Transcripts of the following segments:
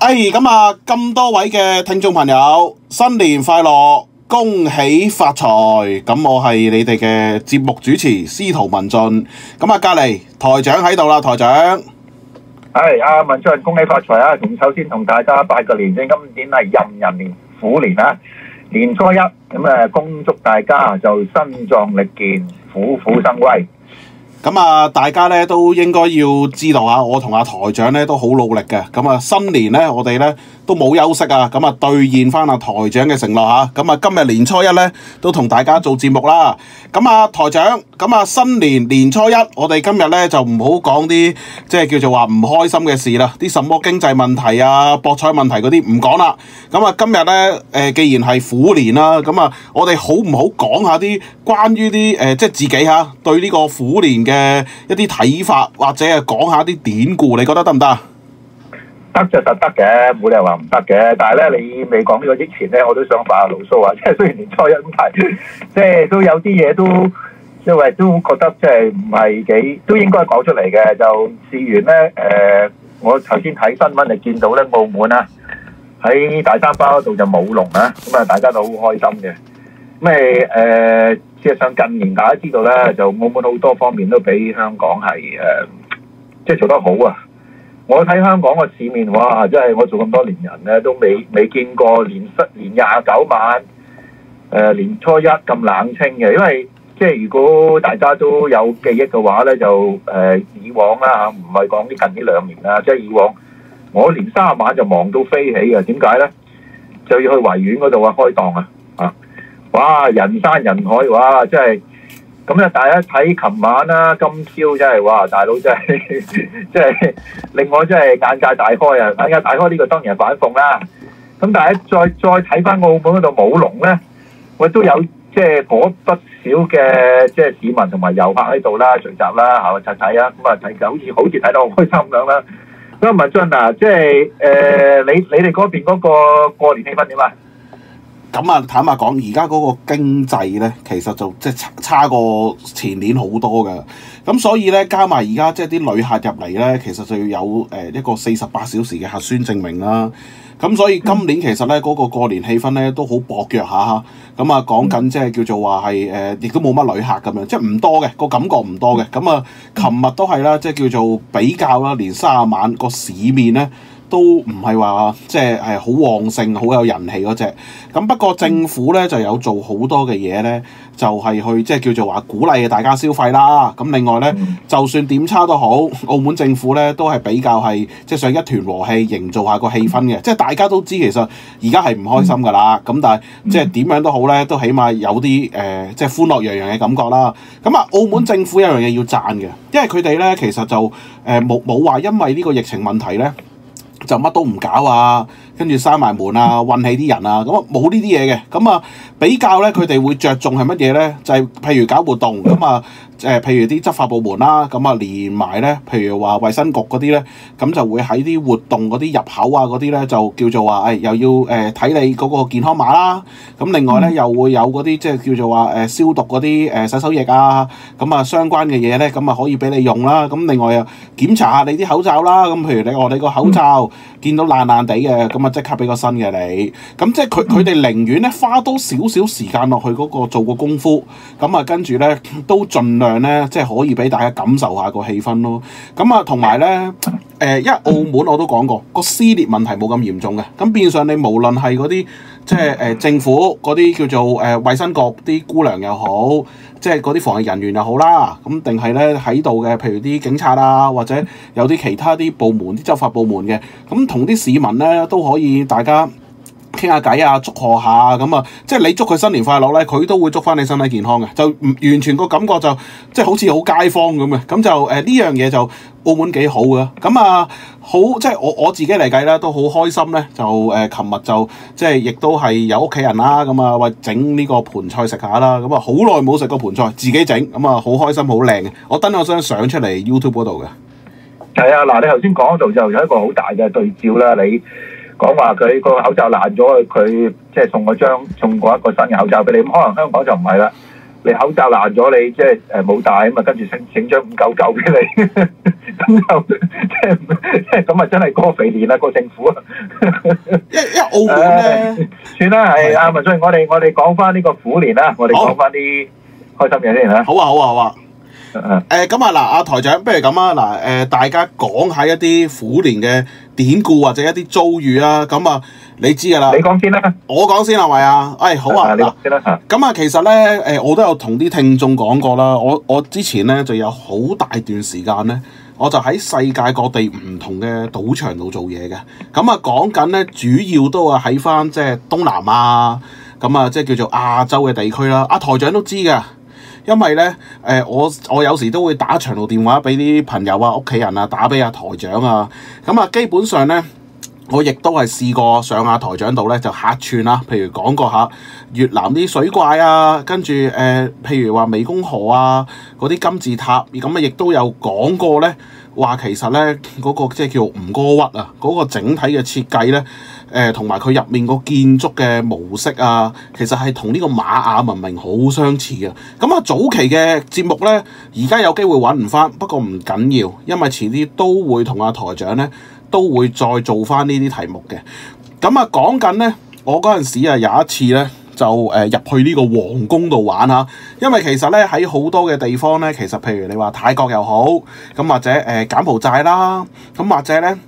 哎，咁啊，咁多位嘅聽眾朋友，新年快樂，恭喜發財。咁我係你哋嘅節目主持司徒文進。咁啊，隔籬台長喺度啦，台長，係啊，文進，恭喜發財啊！咁首先同大家拜個年先，今年係壬寅年虎年啊，年初一，咁啊，恭祝大家就身壯力健，虎虎生威。咁啊，大家咧，都應該要知道啊，我同阿台長咧都好努力嘅。咁啊，新年咧，我哋咧都冇休息啊。咁啊，兌現翻阿台長嘅承諾吓，咁啊，今日年初一咧，都同大家做節目啦。咁啊，台長，咁啊，新年年初一，我哋今日咧就唔好講啲即係叫做話唔開心嘅事啦。啲什麼經濟問題啊、博彩問題嗰啲唔講啦。咁啊，今日咧誒，既然係虎年啦，咁啊，我哋好唔好講下啲關於啲誒即係自己吓對呢個虎年嘅？嘅一啲睇法，或者係講下啲典故，你覺得得唔得？得就得得嘅，冇理由話唔得嘅。但係咧，你未講呢個之前咧，我都想發下牢騷啊！即係雖然年初一咁提，即係都有啲嘢都，即係都覺得即係唔係幾，都應該講出嚟嘅。就試完咧，誒，我頭先睇新聞就見到咧，澳門啊，喺大三巴嗰度就舞龍啊，咁啊，大家都好開心嘅。咩誒？即係上近年，大家知道咧，就澳門好多方面都比香港係誒，即、呃、係、就是、做得好啊！我睇香港個市面，哇！即、就、係、是、我做咁多年人咧，都未未見過年卅年廿九晚誒年初一咁冷清嘅。因為即係、就是、如果大家都有記憶嘅話咧，就誒、呃、以往啦嚇，唔係講啲近呢兩年啦，即、就、係、是、以往我年卅晚就忙到飛起啊。點解咧？就要去維園嗰度啊，開檔啊，啊！哇！人山人海，哇！真係咁大家睇琴晚啦、啊，今宵真係哇！大佬真係，即係令我真係眼界大開啊！眼界大開呢個當然係反諷啦。咁但係再再睇翻澳門嗰度舞龍咧，我都有即係嗰不少嘅即係市民同埋遊客喺度啦，聚集啦，嚇，拆睇啊！咁啊睇，好似好似睇到好開心咁樣啦。咁唔文進嗱，即係誒、呃、你你哋嗰邊嗰個過年氣氛點啊？咁啊，坦白講，而家嗰個經濟咧，其實就即係差過前年好多㗎。咁所以咧，加埋而家即係啲旅客入嚟咧，其實就要有、呃、一個四十八小時嘅核酸證明啦、啊。咁所以今年其實咧，嗰、嗯、個過年氣氛咧都好薄弱下嚇。咁啊，講緊、啊嗯、即係叫做話係亦都冇乜旅客咁樣，即係唔多嘅，個感覺唔多嘅。咁啊，琴日都係啦，即係叫做比較啦，年卅晚個市面咧，都唔係話即係好旺盛、好有人氣嗰隻咁。不過政府呢，就有做好多嘅嘢呢，就係、是、去即係、就是、叫做話鼓勵大家消費啦。咁另外呢，嗯、就算點差都好，澳門政府呢都係比較係即係想一團和氣，營造一下個氣氛嘅。即、就、係、是、大家都知，其實而家係唔開心噶啦。咁、嗯、但係即係點樣都好呢，都起碼有啲誒即係歡樂洋洋嘅感覺啦。咁啊，澳門政府有一樣嘢要讚嘅，因為佢哋呢其實就誒冇冇話因為呢個疫情問題呢。就乜都唔搞啊，跟住閂埋門啊，運起啲人啊，咁啊冇呢啲嘢嘅，咁啊比較咧，佢哋會着重係乜嘢咧？就係、是、譬如搞活動咁啊。呃、譬如啲執法部門啦、啊，咁啊，連埋咧，譬如話衛生局嗰啲咧，咁就會喺啲活動嗰啲入口啊呢，嗰啲咧就叫做話、哎，又要睇、呃、你嗰個健康碼啦。咁、啊、另外咧，又會有嗰啲即係叫做話、呃、消毒嗰啲、呃、洗手液啊，咁啊相關嘅嘢咧，咁啊可以俾你用啦。咁、啊、另外又檢查下你啲口罩啦。咁、啊、譬如你我哋個口罩見到爛爛地嘅，咁啊即刻俾個新嘅你。咁、啊、即係佢佢哋寧願咧花多少少時間落去嗰個做個功夫，咁啊跟住咧都盡量。咧即係可以俾大家感受下個氣氛咯。咁啊，同埋咧，誒、呃，因為澳門我都講過、個撕裂問題冇咁嚴重嘅，咁變相你無論係嗰啲即係誒、呃、政府嗰啲叫做誒衛、呃、生局啲姑娘又好，即係嗰啲防疫人員又好啦，咁定係咧喺度嘅，譬如啲警察啊，或者有啲其他啲部門啲執法部門嘅，咁同啲市民咧都可以大家。傾下偈啊，祝賀下咁啊，啊，即係你祝佢新年快樂咧，佢都會祝翻你身體健康嘅，就唔完全個感覺就即係好似好街坊咁嘅，咁就誒呢、呃、樣嘢就澳門幾好嘅，咁啊好即係我我自己嚟計啦，都好開心咧，就誒琴日就即係亦都係有屋企人啦、啊，咁啊喂，整呢個盤菜食下啦，咁啊好耐冇食過盤菜，自己整，咁啊好開心，好靚，我登咗張相出嚟 YouTube 嗰度嘅，係啊，嗱你頭先講嗰度就有一個好大嘅對照啦，你。講話佢個口罩爛咗，佢即係送個張送過一個新嘅口罩俾你。咁可能香港就唔係啦。你口罩爛咗，你即係誒冇帶啊嘛，跟住整整張五九九俾你。咁就即係即係咁啊！就是就是就是、真係過肥年啦，過、那個、政府啊、呃！算啦。係啊，文進的，我哋我哋講翻呢個虎年啦，我哋講翻啲開心嘢先好啊，好啊，好啊。誒咁、呃、啊，嗱，阿台長，不如咁啊，嗱、呃，誒大家講下一啲虎年嘅。典故或者一啲遭遇啊，咁啊你知噶啦。你講先啦，我講先啦，係咪啊？哎，好啊，咁啊，其實咧，誒，我都有同啲聽眾講過啦。我我之前咧就有好大段時間咧，我就喺世界各地唔同嘅賭場度做嘢嘅。咁啊，講緊咧，主要都係喺翻即係東南亞，咁啊，即係叫做亞洲嘅地區啦。啊，台長都知噶。因為咧、呃，我我有時都會打長途電話俾啲朋友啊、屋企人啊，打俾阿、啊、台長啊。咁啊，基本上咧，我亦都係試過上下台長度咧，就客串啦、啊。譬如講過下越南啲水怪啊，跟住、呃、譬如話湄公河啊嗰啲金字塔咁、那個、啊，亦都有講過咧，話其實咧嗰個即係叫吳哥窟啊，嗰個整體嘅設計咧。誒同埋佢入面個建築嘅模式啊，其實係同呢個瑪雅文明好相似嘅。咁啊，早期嘅節目呢，而家有機會揾唔翻，不過唔緊要，因為遲啲都會同阿、啊、台長呢，都會再做翻呢啲題目嘅。咁啊，講緊呢，我嗰陣時啊有一次呢，就入、呃、去呢個皇宮度玩啊，因為其實呢，喺好多嘅地方呢，其實譬如你話泰國又好，咁或者誒、呃、柬埔寨啦，咁或者呢。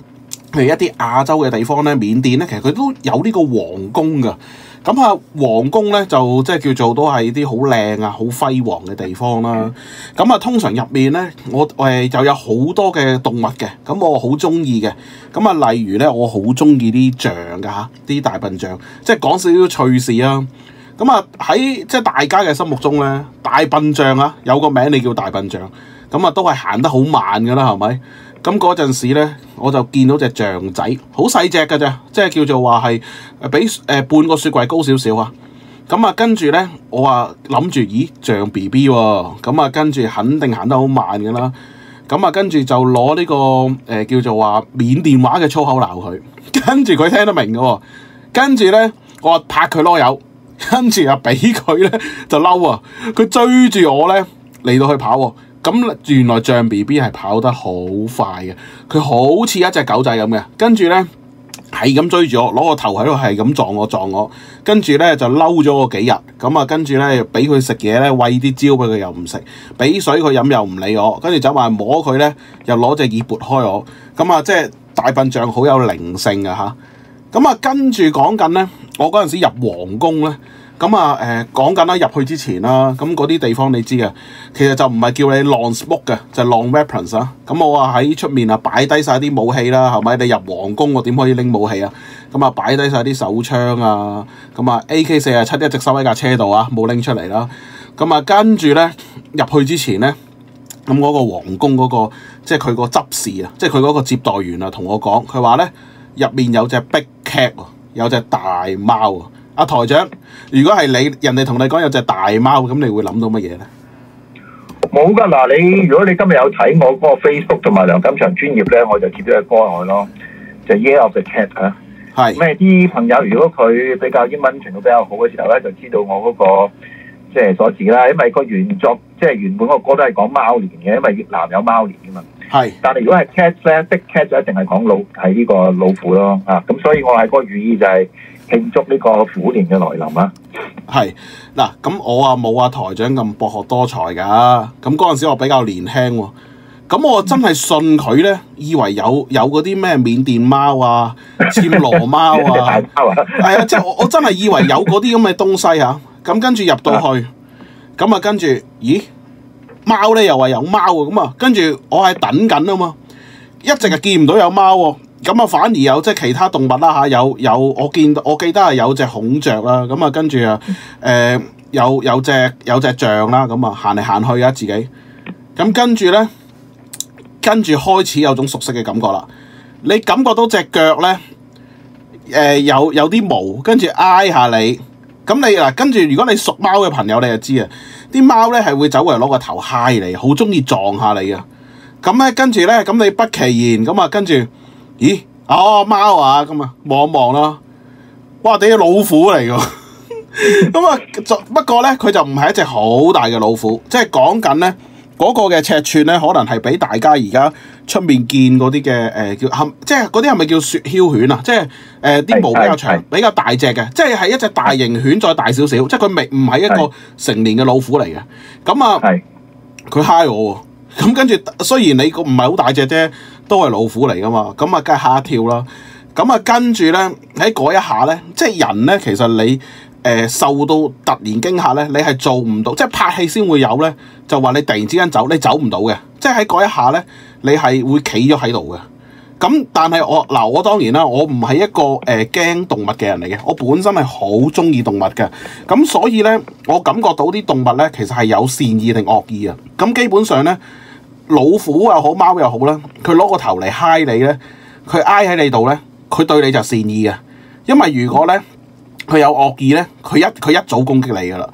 譬如一啲亞洲嘅地方咧，緬甸咧，其實佢都有呢個皇宮噶。咁啊，皇宮咧就即係叫做都係啲好靚啊、好輝煌嘅地方啦。咁啊，通常入面咧，我誒就有好多嘅動物嘅。咁我好中意嘅。咁啊，例如咧，我好中意啲象㗎吓，啲大笨象。即係講少少趣事啊。咁啊，喺即係大家嘅心目中咧，大笨象啊，有個名你叫大笨象。咁啊，都係行得好慢㗎啦，係咪？咁嗰陣時咧，我就見到隻象仔，好細隻㗎啫，即係叫做話係比、呃、半個雪櫃高少少啊。咁啊，跟住咧，我話諗住，咦，象 B B 喎。咁啊，跟住肯定行得好慢㗎啦。咁啊，跟住就攞呢、呢個、呃、叫做話緬甸話嘅粗口鬧佢。跟住佢聽得明嘅喎、哦。跟住咧，我拍佢囉柚。跟住啊，俾佢咧就嬲啊，佢追住我咧嚟到去跑、哦。咁原來象 B B 係跑得好快嘅，佢好似一隻狗仔咁嘅，跟住呢，係咁追住我，攞個頭喺度係咁撞我撞我，跟住呢，就嬲咗我幾日，咁啊跟住呢，俾佢食嘢呢，餵啲蕉俾佢又唔食，俾水佢飲又唔理我，跟住就話摸佢呢，又攞隻耳撥開我，咁啊即係大笨象好有靈性啊。嚇，咁啊跟住講緊呢，我嗰陣時入皇宮呢。咁啊，講緊啦，入去之前啦，咁嗰啲地方你知啊，其實就唔係叫你 long smoke 嘅，就係 long weapons 啊。咁我啊喺出面啊擺低晒啲武器啦，係咪？你入皇宮，我點可以拎武器啊？咁啊，擺低晒啲手槍啊，咁啊 AK 四十七一直收喺架車度啊，冇拎出嚟啦。咁啊，跟住咧入去之前咧，咁嗰個皇宮嗰個，即係佢個執事啊，即係佢嗰個接待員啊，同我講，佢話咧入面有隻 Big Cat，有隻大貓啊。阿、啊、台長，如果係你，人哋同你講有隻大貓，咁你會諗到乜嘢咧？冇噶，嗱，你如果你今日有睇我嗰個 Facebook 同埋梁錦祥專頁咧，我就貼咗個歌落去咯，就 Year of the Cat 啊是。係。咩？啲朋友如果佢比較英文程度比較好嘅時候咧，就知道我嗰、那個即係、就是、所指啦。因為個原作即係、就是、原本嗰個歌都係講貓年嘅，因為越南有貓年噶嘛。係是。但係如果係 cat 咧，big cat 就一定係講老係呢個老虎咯。啊，咁所以我係嗰個寓意就係、是。慶祝呢個虎年嘅來臨啊！係嗱，咁我啊冇啊，台長咁博學多才㗎，咁嗰陣時我比較年輕，咁我真係信佢咧，以為有有嗰啲咩緬甸貓啊、暹羅貓啊，係 貓啊，即 係、啊就是、我我真係以為有嗰啲咁嘅東西吓、啊，咁跟住入到去，咁啊 跟住，咦，貓咧又話有貓嘅，咁啊跟住我係等緊啊嘛，一直係見唔到有貓。咁啊，就反而有即係其他動物啦吓，有有我見，我記得係有隻孔雀啦。咁啊、嗯呃，跟住啊，誒，有有隻有隻象啦。咁啊，行嚟行去啊自己。咁跟住咧，跟住開始有種熟悉嘅感覺啦。你感覺到隻腳咧，誒、呃，有有啲毛，跟住挨下你。咁你嗱，跟住如果你屬貓嘅朋友，你就知啊。啲貓咧係會走過嚟攞個頭嗨你，好中意撞下你啊。咁咧跟住咧，咁你不其然咁啊，就跟住。咦？哦，貓啊，咁啊，望望咯。哇，你隻老虎嚟㗎。咁啊， 不呢就不過咧，佢就唔係一隻好大嘅老虎，即係講緊咧嗰個嘅尺寸咧，可能係俾大家而家出面見嗰啲嘅誒叫，即係嗰啲係咪叫雪橇犬啊？即係誒啲毛比較長，比較大隻嘅，是是即係係一隻大型犬再大少少，是即係佢未唔係一個成年嘅老虎嚟嘅。咁啊，係佢是嗨我，啊，咁跟住雖然你個唔係好大隻啫。都係老虎嚟㗎嘛，咁啊梗係嚇一跳啦。咁啊跟住呢，喺嗰一下呢，即係人呢，其實你誒、呃、受到突然驚嚇呢，你係做唔到，即係拍戲先會有呢，就話你突然之間走，你走唔到嘅。即係喺嗰一下呢，你係會企咗喺度嘅。咁但係我嗱，我當然啦，我唔係一個誒驚、呃、動物嘅人嚟嘅，我本身係好鍾意動物嘅。咁所以呢，我感覺到啲動物呢，其實係有善意定惡意啊。咁基本上呢。老虎又好，貓又好啦，佢攞個頭嚟揩你咧，佢挨喺你度咧，佢對你就善意嘅，因為如果咧佢有惡意咧，佢一佢一早攻擊你噶啦。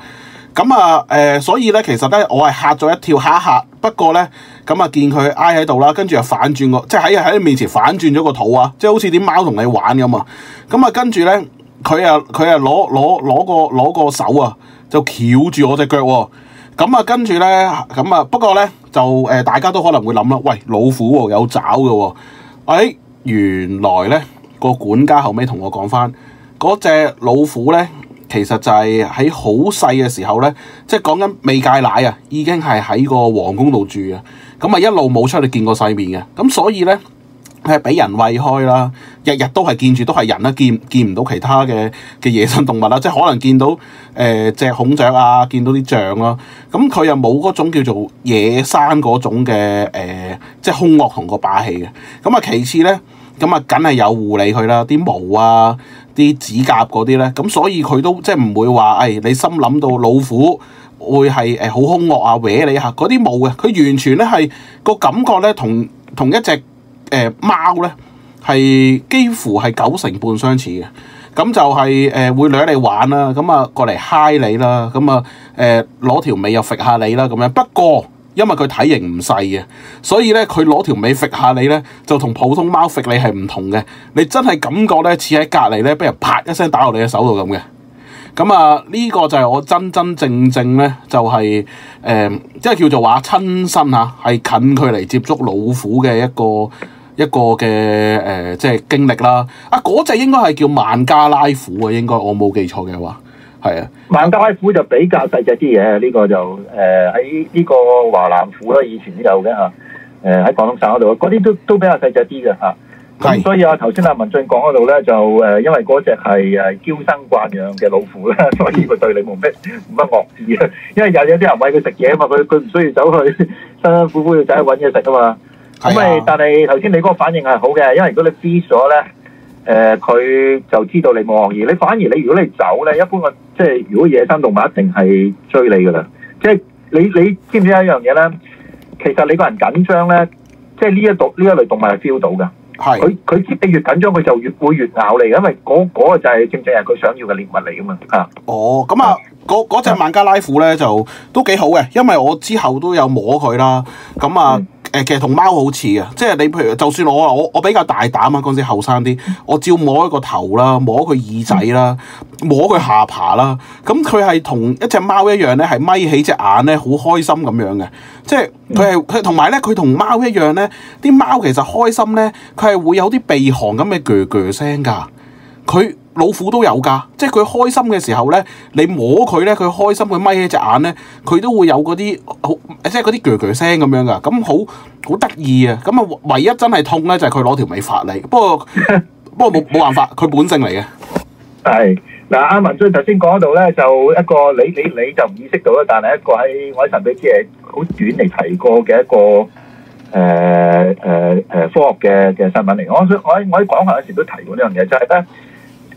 咁啊，誒、呃，所以咧，其實咧，我係吓咗一跳吓一吓，不過咧，咁啊，見佢挨喺度啦，跟住又反轉個，即係喺喺你面前反轉咗個肚啊，即係好似啲貓同你玩咁啊。咁啊，跟住咧，佢啊佢啊攞攞攞個攞個手啊，就翹住我隻腳。咁啊，跟住咧，咁啊，不過咧就誒，大家都可能會諗啦，喂，老虎，啊、有爪嘅喎。誒、哎，原來咧個管家後尾同我講翻，嗰隻老虎咧，其實就係喺好細嘅時候咧，即係講緊未戒奶啊，已經係喺個皇宮度住啊，咁啊一路冇出去見過世面嘅，咁所以咧，佢係俾人餵開啦。日日都係見住都係人啦，見見唔到其他嘅嘅野生動物啦，即係可能見到誒、呃、隻孔雀啊，見到啲象咯、啊，咁佢又冇嗰種叫做野生嗰種嘅誒、呃，即係兇惡同個霸氣嘅。咁啊，其次咧，咁啊，梗係有護理佢啦，啲毛啊，啲指甲嗰啲咧，咁所以佢都即係唔會話，誒、哎、你心諗到老虎會係誒好兇惡啊，搲你嚇嗰啲冇嘅，佢完全咧係、那個感覺咧同同一隻誒、呃、貓咧。係幾乎係九成半相似嘅，咁就係、是、誒、呃、會掠你玩啦，咁啊過嚟嗨你啦，咁啊誒攞、啊啊、條尾又揈下你啦咁樣。不過因為佢體型唔細嘅，所以咧佢攞條尾揈下你咧，就同普通貓揈你係唔同嘅。你真係感覺咧似喺隔離咧，畀人啪一聲打落你嘅手度咁嘅。咁啊呢、這個就係我真真正正咧，就係誒即係叫做話親身啊，係近距離接觸老虎嘅一個。一個嘅誒、呃，即係經歷啦。啊，嗰隻應該係叫孟加拉虎啊，應該我冇記錯嘅話，係啊。孟加拉虎就比較細隻啲嘢。呢、呢個就誒喺呢個華南虎啦，以前都有嘅嚇。誒、呃、喺廣東省嗰度，嗰啲都都比較細隻啲嘅嚇。係。所以啊，頭先阿文進講嗰度咧，就誒、呃、因為嗰隻係誒嬌生慣養嘅老虎啦，所以佢對你冇唔乜唔乜惡意啊。因為有有啲人喂佢食嘢啊嘛，佢佢唔需要走去辛辛苦苦要走去揾嘢食啊嘛。咁誒，是啊、但係頭先你嗰個反應係好嘅，因為如果你知咗咧，誒、呃、佢就知道你冇惡意。你反而你如果你走咧，一般我即係如果野生動物一定係追你噶啦。即係你你知唔知一樣嘢咧？其實你個人緊張咧，即係呢一種呢一類動物係 feel 到㗎。係佢佢知你越緊張，佢就越會越，越咬你，因為嗰、那個那個就係正正係佢想要嘅獵物嚟㗎嘛。哦、那啊！哦的，咁啊、那個，嗰嗰隻孟加拉虎咧就都幾好嘅，因為我之後都有摸佢啦。咁啊～、嗯誒其實同貓好似啊，即係你譬如就算我我我比較大膽啊，嗰陣時後生啲，我照摸一個頭啦，摸佢耳仔啦，嗯、摸佢下巴啦，咁佢係同一隻貓一樣咧，係眯起隻眼咧，好開心咁樣嘅，即係佢係佢同埋咧，佢同、嗯、貓一樣咧，啲貓其實開心咧，佢係會有啲鼻鼾咁嘅噥噥聲噶，佢。老虎都有㗎，即係佢開心嘅時候咧，你摸佢咧，佢開心，佢眯一隻眼咧，佢都會有嗰啲好，即係嗰啲噠噠聲咁樣噶，咁好好得意啊！咁啊，唯一真係痛咧就係佢攞條尾發你，不過 不過冇冇辦法，佢本性嚟嘅。係嗱，阿、啊、文俊頭先講到咧，就一個你你你就唔意識到啦，但係一個喺我喺神秘之夜好短嚟提過嘅一個誒誒誒科學嘅嘅新聞嚟，我我喺我喺講法嗰時都提過呢樣嘢，就係、是、咧。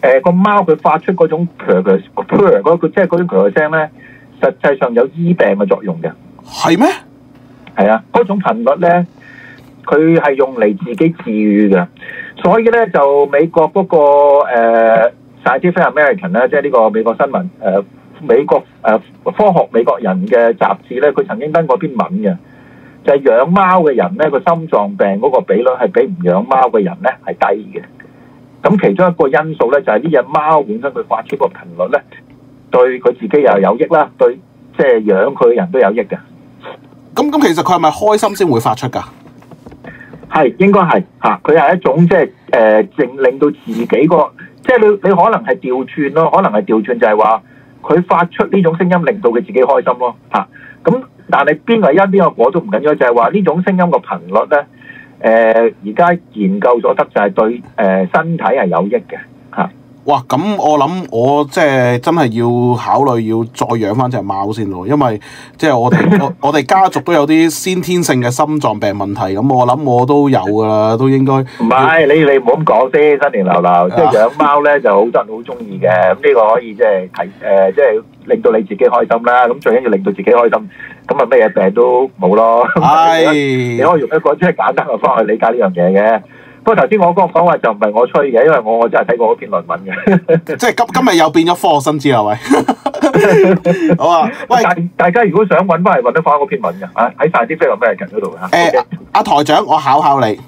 誒、呃那個貓佢發出嗰種 purr 嗰、那個、那個那個、即係嗰種 purr 聲呢，實際上有醫病嘅作用嘅。係咩嗎？係啊，嗰種頻率呢，佢係用嚟自己治癒嘅。所以呢，就美國嗰、那個誒 Scientific American 咧，即係呢個美國新聞誒、呃、美國誒、呃、科學美國人嘅雜誌呢，佢曾經登過篇文嘅，就係、是、養貓嘅人呢，個心臟病嗰個比率係比唔養貓嘅人呢係低嘅。咁其中一個因素咧，就係呢隻貓本身佢發出個頻率咧，對佢自己又有益啦，對即係、就是、養佢嘅人都有益嘅。咁咁其實佢係咪開心先會發出噶？係應該係嚇，佢係一種即係誒令令到自己個，即係你你可能係調轉咯，可能係調轉就係話佢發出呢種聲音令到佢自己開心咯嚇。咁、啊、但係邊個因邊個果都唔緊要，就係話呢種聲音個頻率咧。誒，而家研究咗得就係對誒身體係有益嘅吓。哇，咁我諗我即係真係要考慮要再養翻隻貓先咯，因為即係我我我哋家族都有啲先天性嘅心臟病問題，咁我諗我都有噶啦，都應該唔係你你唔好咁講先，新年流流，即係養貓咧就好多人好中意嘅，咁呢個可以即係提誒，即係令到你自己開心啦，咁最緊要令到自己開心。咁啊，咩嘢病都冇咯。唉 你可以用一個即係簡單嘅方法去理解呢樣嘢嘅。不過頭先我個講法就唔係我吹嘅，因為我我真係睇過嗰篇論文嘅。 即係今今日又變咗科學新知係咪？ 好啊。喂，大家如果想搵翻嚟，搵得翻嗰篇文嘅，喺喺晒啲飛龍咩人群度。阿台長，我考考你。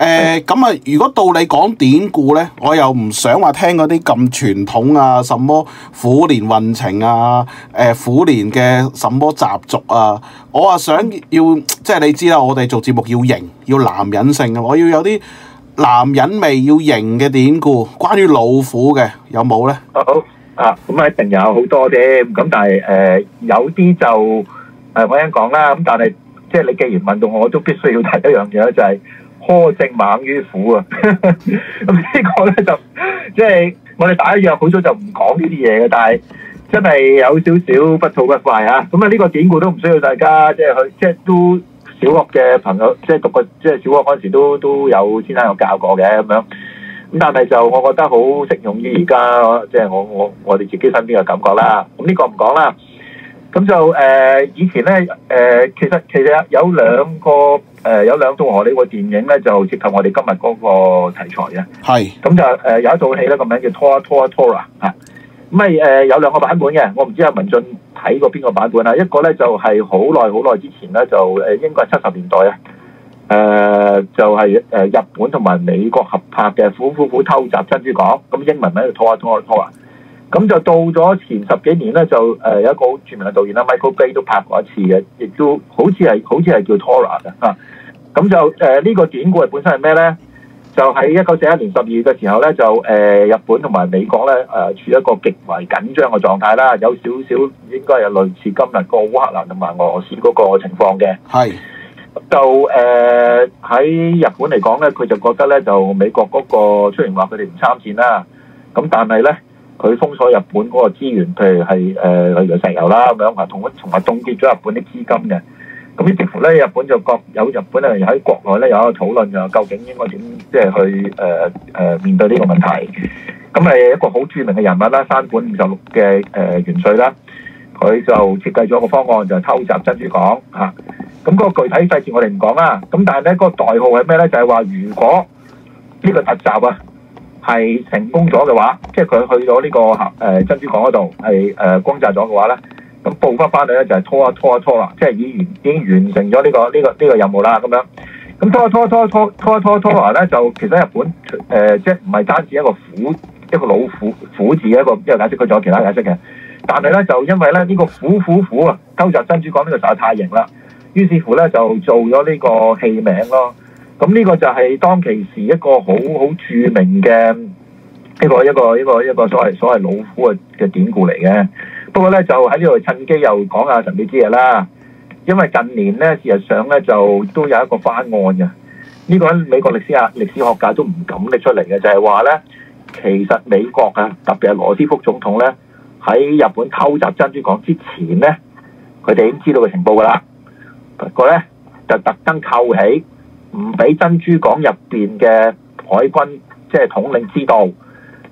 誒咁啊！如果到你講典故咧，我又唔想話聽嗰啲咁傳統啊，什麼虎年運程啊，誒虎年嘅什麼習俗啊，我啊想要即係你知啦，我哋做節目要型，要男人性啊，我要有啲男人味，要型嘅典故，關於老虎嘅有冇咧？好啊，咁啊一定有好多啫。咁但係誒有啲就誒我已經講啦。咁但係即係你既然問到我，都必須要提一樣嘢就係，苛政猛於虎啊！ 咁呢個咧就即係、就是、我哋打一藥好早就唔講呢啲嘢嘅，但係真係有少少不吐不快啊！咁啊呢個典故都唔需要大家即係去，即、就、係、是就是、都小學嘅朋友，即、就、係、是、讀過即係小學嗰陣時都都有先生有教過嘅咁樣。咁但係就我覺得好適用於而家，即、就、係、是、我我我哋自己身邊嘅感覺啦。咁呢個唔講啦。咁就誒、呃、以前咧、呃、其實其實有兩個。誒、呃、有兩套荷里活電影咧，就接近我哋今日嗰個題材嘅。係咁是就誒、呃、有一套戲咧，個名叫拖啊拖啊拖啊嚇，咁係誒有兩個版本嘅，我唔知阿文進睇過邊個版本啦、啊，一個咧就係好耐好耐之前咧就誒、呃、應該係七十年代啊，誒、呃、就係、是、誒、呃、日本同埋美國合拍嘅《虎虎虎偷襲珍珠港》，咁英文名叫拖啊拖啊拖啊。Tora, Tora, Tora。咁就到咗前十幾年咧，就誒有一個好著名嘅導演啦，Michael Bay 都拍過一次嘅，亦都好似係好似係叫 Tora 嘅嚇。咁就誒呢個典故係本身係咩咧？就喺一九四一年十二月嘅時候咧，就誒日本同埋美國咧誒處於一個極為緊張嘅狀態啦，有少少應該係類似今日個烏克蘭同埋俄羅斯嗰個情況嘅。係。就誒喺日本嚟講咧，佢就覺得咧，就美國嗰個雖然話佢哋唔參戰啦，咁但係咧，佢封鎖日本嗰個資源，譬如係誒例如石油啦咁樣，同一同埋凍結咗日本啲資金嘅。咁呢，似乎咧日本就各有日本咧喺國內咧有一個討論嘅，究竟應該點即係去誒誒、呃呃、面對呢個問題。咁係一個好著名嘅人物啦，山本五十六嘅誒元帥啦，佢就設計咗個方案就係、是、偷襲珍珠港嚇。咁、那、嗰個具體細節我哋唔講啦。咁但係咧嗰個代號係咩咧？就係、是、話如果呢個特集啊，係成功咗嘅話，即係佢去咗呢個嚇珍珠港嗰度，係誒轟炸咗嘅話咧，咁報翻翻嚟咧就係拖一拖一拖啦，即係已完已經完成咗呢、這個呢、這個呢、這個任務啦咁樣。咁拖一拖拖拖拖拖拖埋咧，就其實日本誒即係唔係單止一個虎一個老虎虎字一個，一個解釋佢仲有其他解釋嘅。但係咧就因為咧呢個虎虎虎啊，偷襲珍珠港呢個實在太型啦，於是乎咧就做咗呢個戲名咯。咁呢個就係當其時一個好好著名嘅一個一個一個一個所謂所謂老虎嘅典故嚟嘅。不過呢，就喺呢度趁機又講下神秘之夜啦。因為近年呢，事實上呢，就都有一個翻案嘅。呢、這個喺美國歷史歷史學界都唔敢拎出嚟嘅，就係、是、話呢，其實美國啊特別係羅斯福總統呢，喺日本偷襲珍珠港之前呢，佢哋已經知道個情報㗎啦。不過呢，就特登扣起。唔俾珍珠港入面嘅海軍即係統領知道，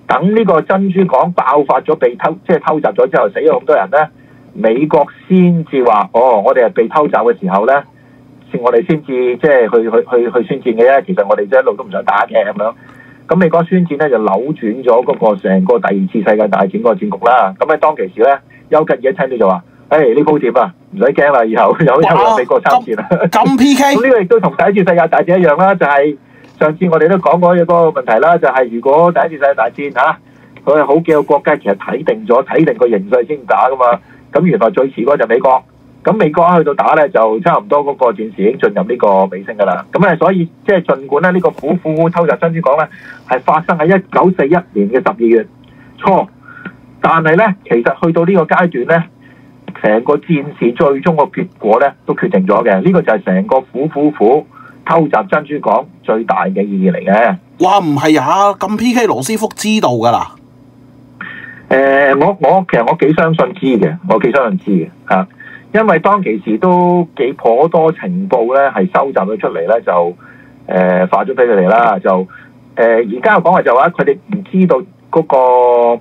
等呢個珍珠港爆發咗被偷即係偷襲咗之後死咗咁多人呢，美國先至話：哦，我哋係被偷襲嘅時候呢，我哋先至即係去去去去宣戰嘅啫。其實我哋一路都唔想打嘅咁樣。咁美國宣戰呢，就扭轉咗嗰個成個第二次世界大戰個戰局啦。咁喺當其時呢，丘吉爾一聽到就話：誒呢高碟啊！唔使驚啦，以後有有哇美國參戰啦，咁 PK 呢個亦都同第一次世界大戰一樣啦，就係、是、上次我哋都講過嗰個問題啦，就係、是、如果第一次世界大戰吓，佢、啊、係好幾個國家其實睇定咗，睇定個形勢先打噶嘛。咁原來最遲嗰就美國，咁美國去到打咧就差唔多嗰個戰時已經進入呢個尾聲噶啦。咁啊，所以即係儘管咧呢、這個苦苦偷襲，頭先講咧係發生喺一九四一年嘅十二月初、哦，但係咧其實去到個階呢個階段咧。成個戰事最終個結果咧，都決定咗嘅。呢、這個就係成個虎虎虎偷襲珍珠港最大嘅意義嚟嘅。哇！唔係啊，咁 P. K. 羅斯福知道㗎喇？誒、呃，我我其實我幾相信知嘅，我幾相信知嘅嚇、啊，因為當其時都幾頗多情報咧，係收集咗出嚟咧，就誒發咗俾佢哋啦，就誒而家講話就話佢哋唔知道嗰、那個。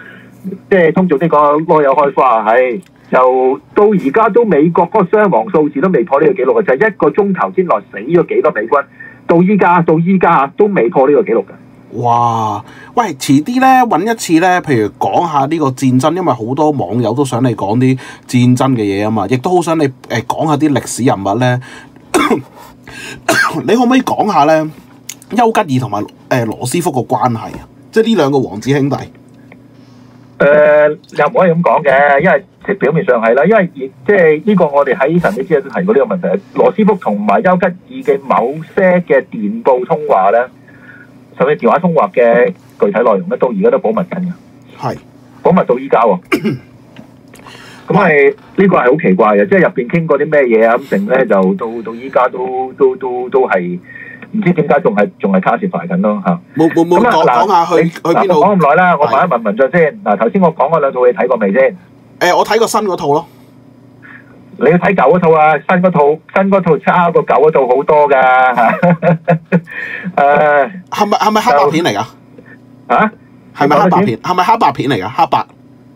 即係通俗啲講，花有開花係，就到而家都美國嗰個傷亡數字都未破呢個紀錄嘅，就係一個鐘頭之內死咗幾多美軍，到依家到依家都未破呢個紀錄嘅。哇！喂，遲啲咧揾一次咧，譬如講下呢個戰爭，因為好多網友都想你講啲戰爭嘅嘢啊嘛，亦都好想你誒講下啲歷史人物咧。 你可唔可以講下咧？丘吉爾同埋誒羅斯福嘅關係啊，即係呢兩個王子兄弟。誒、呃，又唔可以咁講嘅，因為即係表面上係啦，因為即係呢個我哋喺神秘之前都提過呢個問題，羅斯福同埋丘吉爾嘅某些嘅電報通話咧，甚至電話通話嘅具體內容咧，到而家都保密緊嘅，係是保密到依家喎。咁係呢個係好奇怪嘅，即係入邊傾過啲咩嘢啊？咁成咧就到到依家都都都都係。唔知點解仲係仲係卡住排緊咯嚇！冇冇冇講，講下去去邊度？咁啊，嗱，我講咁耐啦，我問一問文進先。嗱，頭先我講嗰兩套你睇過未先？誒，我睇過新嗰套咯。你要睇舊嗰套啊？新嗰套新嗰套差過舊嗰套好多噶嚇！誒，係咪係咪黑白片嚟噶？嚇？係咪黑白片？係咪黑白片嚟噶？黑白，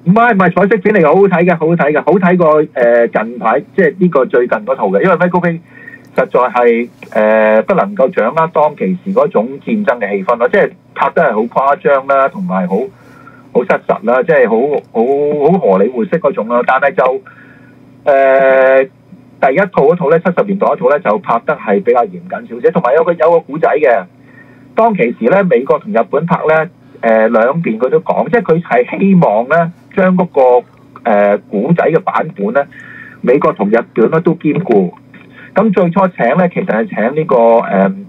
唔係唔係彩色片嚟噶，好好睇嘅，好好睇嘅，好睇過誒近排即係呢個最近嗰套嘅，因為威高兵。實在係誒、呃、不能夠掌握當其時嗰種戰爭嘅氣氛咯，即係拍得係好誇張啦，同埋好好失實啦，即係好好好荷里活式嗰種啦。但係就誒、呃、第一套嗰套咧，七十年代嗰套咧，就拍得係比較嚴謹少少，同埋有個有個古仔嘅。當其時咧，美國同日本拍咧，誒、呃、兩邊佢都講，即係佢係希望咧將嗰、那個古仔嘅版本咧，美國同日本咧都兼顧。咁最初請咧，其實係請呢、這個誒、嗯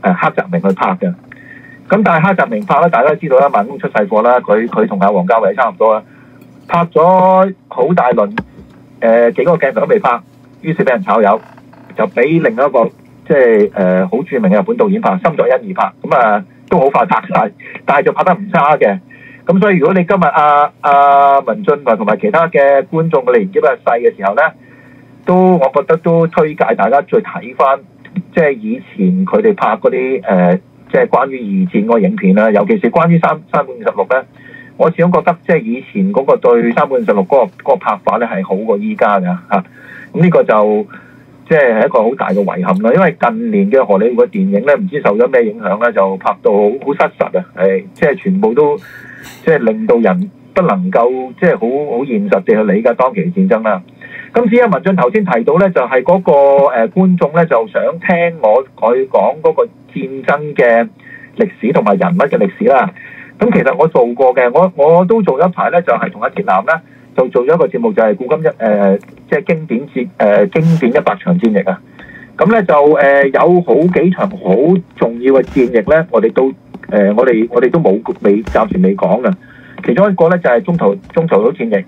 啊、黑澤明去拍嘅。咁但係黑澤明拍咧，大家都知道啦，慢工出細貨啦，佢佢同阿王家衛差唔多啦。拍咗好大輪誒、呃、幾個鏡頭都未拍，於是俾人炒魷，就俾另一個即係誒好著名嘅日本導演拍深作欣二拍。咁、嗯、啊都好快拍晒，但係就拍得唔差嘅。咁所以如果你今日阿阿文進或同埋其他嘅觀眾嘅年紀比較細嘅時候咧。都，我覺得都推介大家再睇翻，即係以前佢哋拍嗰啲誒，即係關於二戰嗰個影片啦。尤其是關於山山本五十六咧，我始終覺得即係以前嗰個對山本五十六嗰、嗰個嗰個拍法咧係好過依家嘅嚇。咁、啊、呢、嗯呢個就即係係一個好大嘅遺憾啦。因為近年嘅荷里活嘅電影咧，唔知受咗咩影響咧，就拍到好好失實啊！誒，即係全部都即係令到人不能夠即係好好現實地去理解當期嘅戰爭啦。今次阿文俊頭先提到咧，就係嗰個誒觀眾咧，就想聽我佢講嗰個戰爭嘅歷史同埋人物嘅歷史啦。咁其實我做過嘅，我我都做咗一排咧，就係同阿鐵男咧，就做咗一個節目，就係古今一誒，即係經典戰誒經典一百場戰役啊。咁咧就誒有好幾場好重要嘅戰役咧，我哋都誒我哋我哋都冇未暫時未講嘅。其中一個咧就係中途中途島戰役。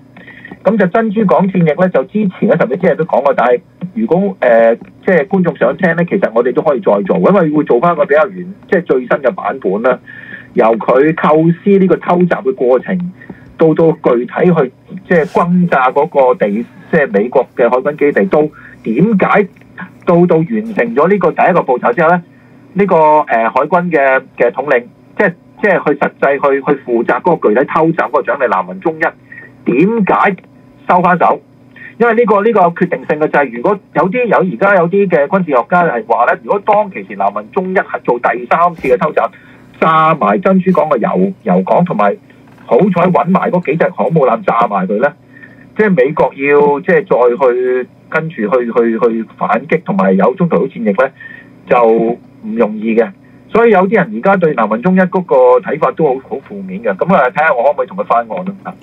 咁就珍珠港戰役咧，就之前嗰陣時聽日都講過，但係如果誒、呃、即係觀眾想聽咧，其實我哋都可以再做，因為會做翻一個比較完即係最新嘅版本啦。由佢構思呢個偷襲嘅過程，到到具體去即係轟炸嗰個地，即係美國嘅海軍基地，都點解到到完成咗呢個第一個步驟之後咧，呢、這個誒、呃、海軍嘅嘅統領即係即係去實際去去負責嗰個具體偷襲嗰個將領南雲忠一，點解？收翻手，因為呢個呢個決定性嘅掣，就係，如果有啲有而家有啲嘅軍事學家係話咧，如果當其時南雲忠一係做第三次嘅偷襲，炸埋珍珠港嘅油油港，同埋好彩揾埋嗰幾隻航母艦炸埋佢呢，即係美國要即係再去跟住去去去反擊，同埋有中途島戰役呢，就唔容易嘅。所以有啲人而家對南雲忠一嗰個睇法都好好負面嘅。咁啊，睇下我可唔可以同佢翻案。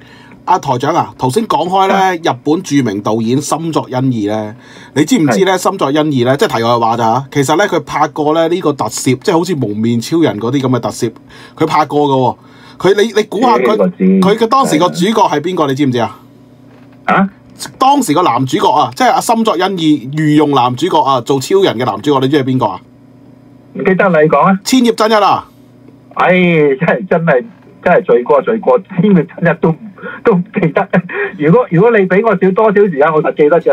阿、啊、台長啊，頭先講開咧，日本著名導演深作欣二咧，你知唔知咧？的深作欣二咧，即係題外話咋吓？其實咧，佢拍過咧呢、這個特攝，即係好似蒙面超人嗰啲咁嘅特攝，佢拍過噶、哦。佢你你估下佢佢佢當時個主角係邊個？的你知唔知啊？啊，當時個男主角啊，即係阿深作欣二御用男主角啊，做超人嘅男主角，你知係邊個啊？唔記得你講啊，千葉真一啊！唉、哎，真係真係真係罪過罪過，千葉真一都。都唔記得，如果如果你俾我少多少時間，我就記得嘅。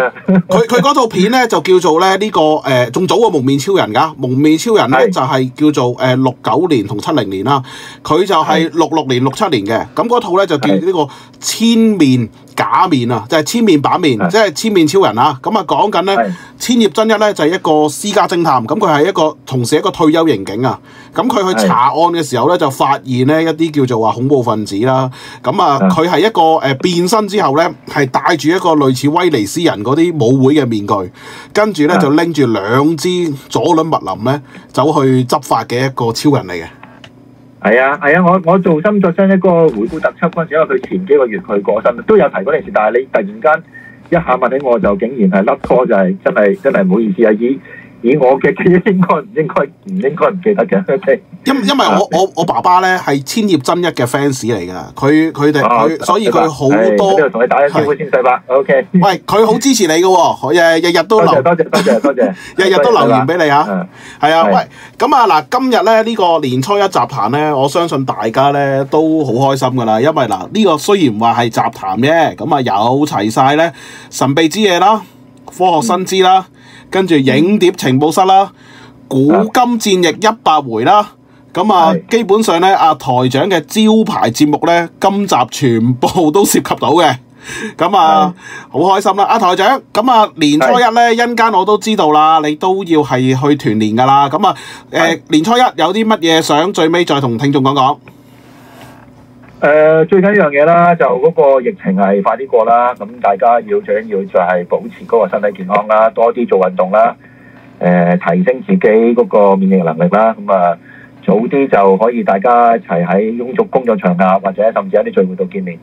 佢佢嗰套片咧就叫做咧、這、呢個誒，仲、呃、早過蒙面超人㗎。蒙面超人咧是就係叫做誒六九年同七零年啦。佢就係六六年六七年嘅。咁嗰套咧就叫呢、這個是千面假面啊，即、就、係、是、千面版面，是即係千面超人啊。咁啊講緊咧千葉真一咧就係、是、一個私家偵探，咁佢係一個同時一個退休刑警啊。咁佢去查案嘅時候咧是就發現呢一啲叫做話恐怖分子啦。咁啊佢係。是係一個誒變身之後咧，係戴住一個類似威尼斯人嗰啲舞會嘅面具，跟住咧就拎住兩支左輪密林咧走去執法嘅一個超人嚟嘅。係啊係啊，我我做新作先一個回顧特輯嗰陣，因為佢前幾個月佢過身，都有提過嗰件事，但係你突然間一下問起我就竟然係甩拖，就係真係真係唔好意思啊姨。我嘅，應該唔應該唔應該唔記得嘅。O K，因因為我我我爸爸咧係千葉真一嘅 fans 嚟噶，佢佢哋佢，所以佢好多。同你打一招呼先 O K，喂，佢好支持你嘅喎，佢誒日日都留。多謝多謝多謝，日日都留言俾你嚇。係啊，喂，咁啊嗱，今日咧呢個年初一集談咧，我相信大家咧都好開心噶啦，因為嗱呢個雖然話係集談啫，咁啊有齊晒咧神秘之夜啦，科學新知啦。跟住影碟情報室啦，古今戰役一百回啦，咁啊基本上咧啊台長嘅招牌節目咧今集全部都涉及到嘅，咁啊好開心啦，啊台長，咁啊年初一咧，一陣間我都知道啦，你都要係去團年噶啦，咁啊誒年初一有啲乜嘢想最尾再同聽眾講講？誒、呃，最緊要一樣嘢啦，就嗰個疫情係快啲過啦，咁大家要最緊要就係保持嗰個身體健康啦，多啲做運動啦，誒、呃，提升自己嗰個免疫能力啦，咁啊，早啲就可以大家一齊喺庸俗工作場合或者甚至一啲聚會度見面。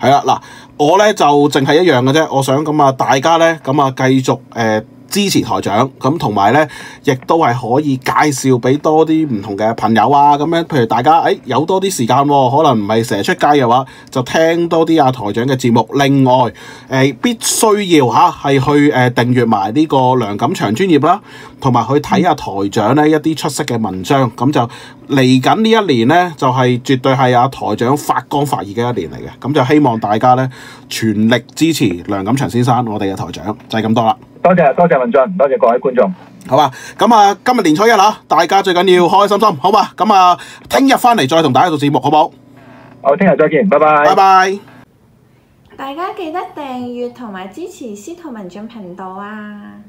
係啦，嗱，我咧就淨係一樣嘅啫，我想咁啊，大家咧咁啊，繼續誒。呃支持台長咁，同埋咧，亦都係可以介紹俾多啲唔同嘅朋友啊。咁樣，譬如大家誒、哎、有多啲時間、哦，可能唔係成日出街嘅話，就聽多啲啊。台長嘅節目。另外、呃、必須要下係、啊、去誒訂閱埋呢個梁錦祥專頁啦，同埋去睇下、啊、台長咧一啲出色嘅文章。咁就嚟緊呢一年咧，就係、是、絕對係阿、啊、台長發光發熱嘅一年嚟嘅。咁就希望大家咧全力支持梁錦祥先生，我哋嘅台長就係、是、咁多啦。多謝多謝文進，多謝各位觀眾，好嘛？咁啊，今日年初一啦，大家最緊要開開心心，好嘛？咁啊，聽日翻嚟再同大家做節目，好唔好？好，聽日再見，拜拜，拜拜。大家記得訂閱同埋支持司徒文進頻道啊！